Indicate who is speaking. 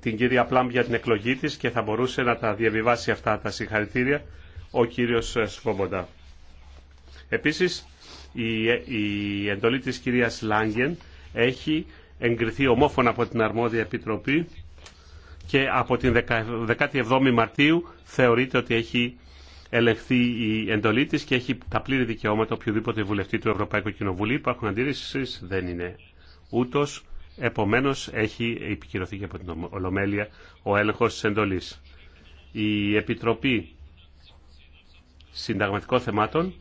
Speaker 1: την κυρία Πλάμπ για την εκλογή της και θα μπορούσε να τα διαβιβάσει αυτά τα συγχαρητήρια ο κύριος Σφόμποντα. Επίσης, η, η εντολή της κυρίας Λάγγεν έχει εγκριθεί ομόφωνα από την αρμόδια επιτροπή και από την 17η Μαρτίου θεωρείται ότι έχει ελεγχθεί η εντολή της και έχει τα πλήρη δικαιώματα οποιοδήποτε βουλευτή του Ευρωπαϊκού Κοινοβουλίου. Υπάρχουν αντίρρησεις, δεν είναι ούτως. Επομένως, έχει επικυρωθεί και από την Ολομέλεια ο έλεγχος της εντολής. Η Επιτροπή Συνταγματικών Θεμάτων